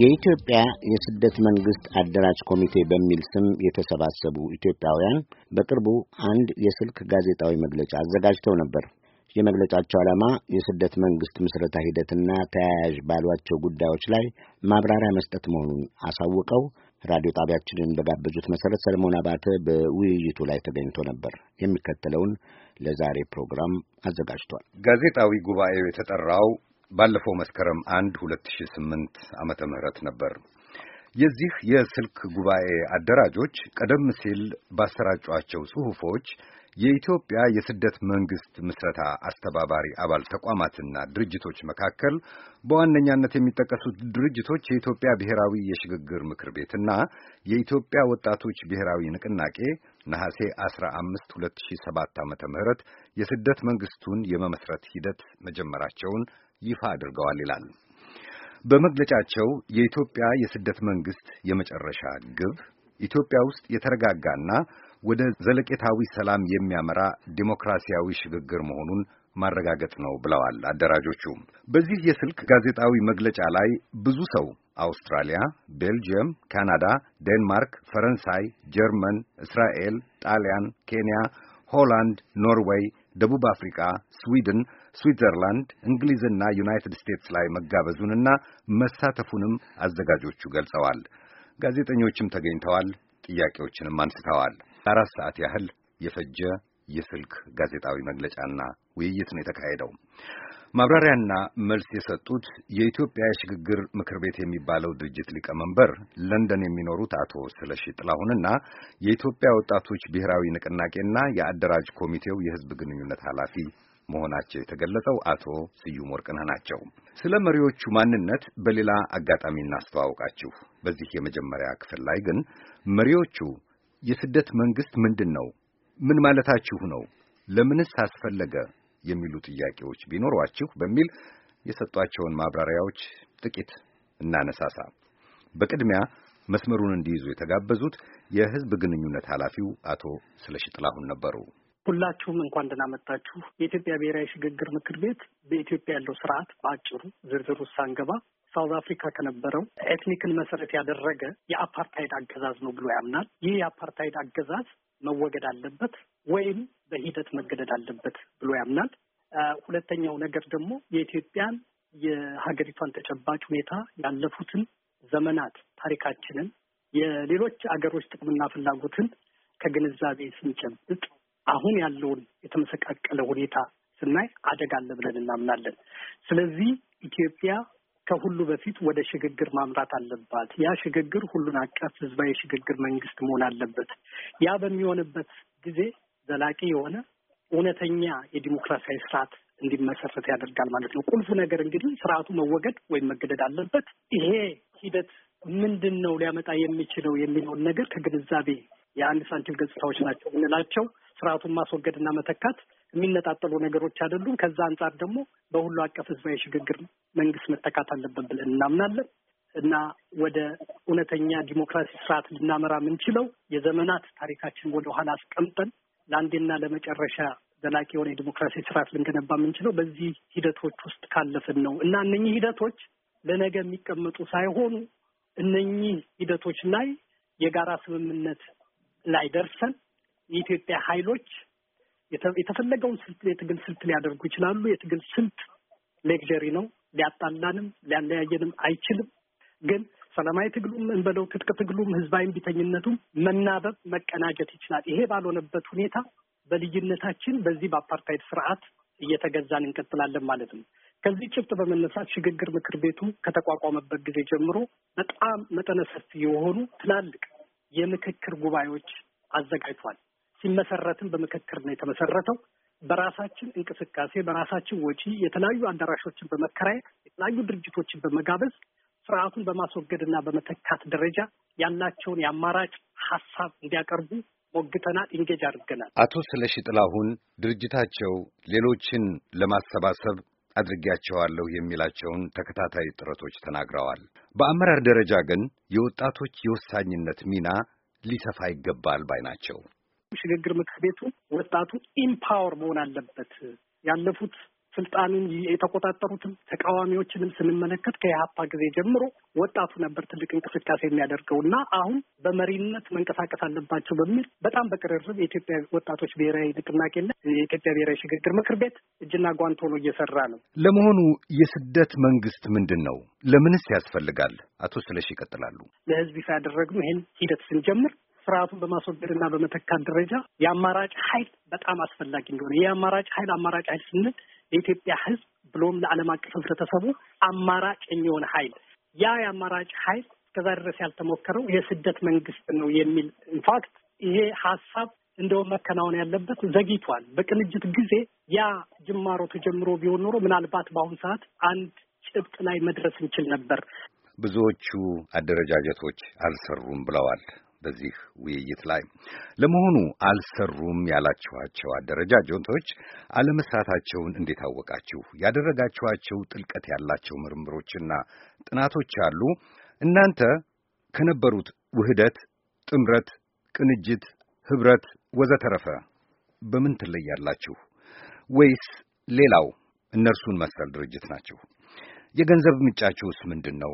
የኢትዮጵያ የስደት መንግስት አደራጅ ኮሚቴ በሚል ስም የተሰባሰቡ ኢትዮጵያውያን በቅርቡ አንድ የስልክ ጋዜጣዊ መግለጫ አዘጋጅተው ነበር። የመግለጫቸው ዓላማ የስደት መንግስት ምስረታ ሂደትና ተያያዥ ባሏቸው ጉዳዮች ላይ ማብራሪያ መስጠት መሆኑን አሳውቀው ራዲዮ ጣቢያችንን በጋበዙት መሰረት ሰለሞን አባተ በውይይቱ ላይ ተገኝቶ ነበር። የሚከተለውን ለዛሬ ፕሮግራም አዘጋጅቷል። ጋዜጣዊ ጉባኤው የተጠራው ባለፈው መስከረም አንድ ሁለት ሺህ ስምንት ዓመተ ምህረት ነበር። የዚህ የስልክ ጉባኤ አደራጆች ቀደም ሲል ባሰራጯቸው ጽሑፎች የኢትዮጵያ የስደት መንግስት ምስረታ አስተባባሪ አባል ተቋማትና ድርጅቶች መካከል በዋነኛነት የሚጠቀሱት ድርጅቶች የኢትዮጵያ ብሔራዊ የሽግግር ምክር ቤትና የኢትዮጵያ ወጣቶች ብሔራዊ ንቅናቄ ነሐሴ 15 2007 ዓ ም የስደት መንግስቱን የመመስረት ሂደት መጀመራቸውን ይፋ አድርገዋል ይላል። በመግለጫቸው የኢትዮጵያ የስደት መንግስት የመጨረሻ ግብ ኢትዮጵያ ውስጥ የተረጋጋና ወደ ዘለቄታዊ ሰላም የሚያመራ ዲሞክራሲያዊ ሽግግር መሆኑን ማረጋገጥ ነው ብለዋል አደራጆቹ። በዚህ የስልክ ጋዜጣዊ መግለጫ ላይ ብዙ ሰው አውስትራሊያ፣ ቤልጅየም፣ ካናዳ፣ ዴንማርክ፣ ፈረንሳይ፣ ጀርመን፣ እስራኤል፣ ጣሊያን፣ ኬንያ፣ ሆላንድ፣ ኖርዌይ፣ ደቡብ አፍሪካ፣ ስዊድን ስዊትዘርላንድ፣ እንግሊዝና ዩናይትድ ስቴትስ ላይ መጋበዙንና መሳተፉንም አዘጋጆቹ ገልጸዋል። ጋዜጠኞችም ተገኝተዋል። ጥያቄዎችንም አንስተዋል። አራት ሰዓት ያህል የፈጀ የስልክ ጋዜጣዊ መግለጫና ውይይት ነው የተካሄደው። ማብራሪያና መልስ የሰጡት የኢትዮጵያ የሽግግር ምክር ቤት የሚባለው ድርጅት ሊቀመንበር ለንደን የሚኖሩት አቶ ስለሺ ጥላሁንና የኢትዮጵያ ወጣቶች ብሔራዊ ንቅናቄና የአደራጅ ኮሚቴው የሕዝብ ግንኙነት ኃላፊ መሆናቸው የተገለጸው አቶ ስዩም ወርቅነህ ናቸው። ስለ መሪዎቹ ማንነት በሌላ አጋጣሚ እናስተዋውቃችሁ። በዚህ የመጀመሪያ ክፍል ላይ ግን መሪዎቹ የስደት መንግስት ምንድን ነው? ምን ማለታችሁ ነው? ለምንስ አስፈለገ? የሚሉ ጥያቄዎች ቢኖሯችሁ በሚል የሰጧቸውን ማብራሪያዎች ጥቂት እናነሳሳ። በቅድሚያ መስመሩን እንዲይዙ የተጋበዙት የህዝብ ግንኙነት ኃላፊው አቶ ስለሺ ጥላሁን ነበሩ። ሁላችሁም እንኳን ደህና መጣችሁ። የኢትዮጵያ ብሔራዊ ሽግግር ምክር ቤት በኢትዮጵያ ያለው ስርዓት በአጭሩ ዝርዝር ሳንገባ ሳውዝ አፍሪካ ከነበረው ኤትኒክን መሰረት ያደረገ የአፓርታይድ አገዛዝ ነው ብሎ ያምናል። ይህ የአፓርታይድ አገዛዝ መወገድ አለበት ወይም በሂደት መገደድ አለበት ብሎ ያምናል። ሁለተኛው ነገር ደግሞ የኢትዮጵያን የሀገሪቷን ተጨባጭ ሁኔታ ያለፉትን ዘመናት ታሪካችንን፣ የሌሎች አገሮች ጥቅምና ፍላጎትን ከግንዛቤ ስንጨብጥ አሁን ያለውን የተመሰቃቀለ ሁኔታ ስናይ አደጋ አለ ብለን እናምናለን። ስለዚህ ኢትዮጵያ ከሁሉ በፊት ወደ ሽግግር ማምራት አለባት። ያ ሽግግር ሁሉን አቀፍ ህዝባዊ የሽግግር መንግስት መሆን አለበት። ያ በሚሆንበት ጊዜ ዘላቂ የሆነ እውነተኛ የዲሞክራሲያዊ ስርዓት እንዲመሰረት ያደርጋል ማለት ነው። ቁልፉ ነገር እንግዲህ ስርዓቱ መወገድ ወይም መገደድ አለበት። ይሄ ሂደት ምንድን ነው ሊያመጣ የሚችለው የሚለውን ነገር ከግንዛቤ የአንድ ሳንቲም ገጽታዎች ናቸው የምንላቸው ስርዓቱን ማስወገድና መተካት የሚነጣጠሉ ነገሮች አይደሉም። ከዛ አንጻር ደግሞ በሁሉ አቀፍ ህዝባዊ ሽግግር መንግስት መተካት አለበት ብለን እናምናለን እና ወደ እውነተኛ ዲሞክራሲ ስርዓት ልናመራ የምንችለው የዘመናት ታሪካችን ወደ ኋላ አስቀምጠን ለአንዴና ለመጨረሻ ዘላቂ የሆነ የዲሞክራሲ ስርዓት ልንገነባ የምንችለው በዚህ ሂደቶች ውስጥ ካለፍን ነው እና እነኚህ ሂደቶች ለነገ የሚቀመጡ ሳይሆኑ እነኚህ ሂደቶች ላይ የጋራ ስምምነት ላይ ደርሰን የኢትዮጵያ ኃይሎች የተፈለገውን ስልት የትግል ስልት ሊያደርጉ ይችላሉ። የትግል ስልት ሌክዠሪ ነው። ሊያጣላንም ሊያለያየንም አይችልም። ግን ሰላማዊ ትግሉም እንበለው ትጥቅ ትግሉም ህዝባዊ እምቢተኝነቱም መናበብ፣ መቀናጀት ይችላል። ይሄ ባልሆነበት ሁኔታ በልዩነታችን በዚህ በአፓርታይድ ስርዓት እየተገዛን እንቀጥላለን ማለት ነው። ከዚህ ጭብጥ በመነሳት ሽግግር ምክር ቤቱ ከተቋቋመበት ጊዜ ጀምሮ በጣም መጠነ ሰፊ የሆኑ ትላልቅ የምክክር ጉባኤዎች አዘጋጅቷል። ሲመሰረትም በምክክር ነው የተመሰረተው። በራሳችን እንቅስቃሴ በራሳችን ወጪ የተለያዩ አዳራሾችን በመከራየት የተለያዩ ድርጅቶችን በመጋበዝ ስርዓቱን በማስወገድና በመተካት ደረጃ ያላቸውን የአማራጭ ሀሳብ እንዲያቀርቡ ሞግተናል፣ ኢንጌጅ አድርገናል። አቶ ስለሺ ጥላሁን ድርጅታቸው ሌሎችን ለማሰባሰብ አድርጌያቸዋለሁ የሚላቸውን ተከታታይ ጥረቶች ተናግረዋል። በአመራር ደረጃ ግን የወጣቶች የወሳኝነት ሚና ሊሰፋ ይገባል ባይ ናቸው። ሽግግር ምክር ቤቱ ወጣቱ ኢምፓወር መሆን አለበት። ያለፉት ስልጣኑን የተቆጣጠሩትም ተቃዋሚዎችንም ስንመለከት ከኢህአፓ ጊዜ ጀምሮ ወጣቱ ነበር ትልቅ እንቅስቃሴ የሚያደርገው እና አሁን በመሪነት መንቀሳቀስ አለባቸው በሚል በጣም በቅርርብ የኢትዮጵያ ወጣቶች ብሔራዊ ንቅናቄና የኢትዮጵያ ብሔራዊ ሽግግር ምክር ቤት እጅና ጓንት ሆኖ እየሰራ ነው። ለመሆኑ የስደት መንግስት ምንድን ነው? ለምንስ ያስፈልጋል? አቶ ስለሽ ይቀጥላሉ። ለህዝብ ይፋ ያደረግነው ይህን ሂደት ስንጀምር ስርዓቱን እና በመተካት ደረጃ የአማራጭ ኃይል በጣም አስፈላጊ እንደሆነ ይህ አማራጭ ኃይል አማራጭ ኃይል ስንል የኢትዮጵያ ሕዝብ ብሎም ለዓለም አቀፍ ህብረተሰቡ አማራጭ የሚሆን ኃይል ያ የአማራጭ ኃይል እስከዛ ድረስ ያልተሞከረው የስደት መንግስት ነው የሚል ኢንፋክት ይሄ ሀሳብ እንደውም መከናወን ያለበት ዘግይቷል። በቅንጅት ጊዜ ያ ጅማሮ ተጀምሮ ቢሆን ኖሮ ምናልባት በአሁኑ ሰዓት አንድ ጭብጥ ላይ መድረስ እንችል ነበር። ብዙዎቹ አደረጃጀቶች አልሰሩም ብለዋል በዚህ ውይይት ላይ ለመሆኑ አልሰሩም ያላችኋቸው አደረጃጀቶች አለመስራታቸውን እንዴት አወቃችሁ? ያደረጋችኋቸው ጥልቀት ያላቸው ምርምሮችና ጥናቶች አሉ? እናንተ ከነበሩት ውህደት፣ ጥምረት፣ ቅንጅት፣ ህብረት ወዘተረፈ በምን ትለያላችሁ? ወይስ ሌላው እነርሱን መሰል ድርጅት ናችሁ? የገንዘብ ምንጫችሁስ ምንድን ነው?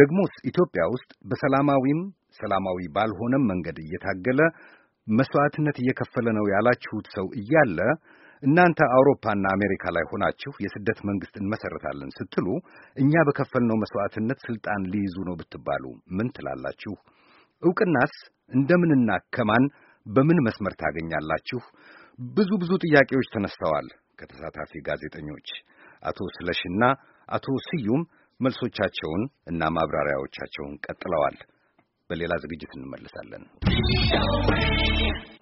ደግሞስ ኢትዮጵያ ውስጥ በሰላማዊም ሰላማዊ ባልሆነም መንገድ እየታገለ መስዋዕትነት እየከፈለ ነው ያላችሁት ሰው እያለ እናንተ አውሮፓና አሜሪካ ላይ ሆናችሁ የስደት መንግስት እንመሰረታለን ስትሉ እኛ በከፈልነው መስዋዕትነት ስልጣን ሊይዙ ነው ብትባሉ ምን ትላላችሁ? እውቅናስ እንደምንና ከማን በምን መስመር ታገኛላችሁ? ብዙ ብዙ ጥያቄዎች ተነስተዋል ከተሳታፊ ጋዜጠኞች አቶ ስለሽና አቶ ስዩም መልሶቻቸውን እና ማብራሪያዎቻቸውን ቀጥለዋል። በሌላ ዝግጅት እንመልሳለን።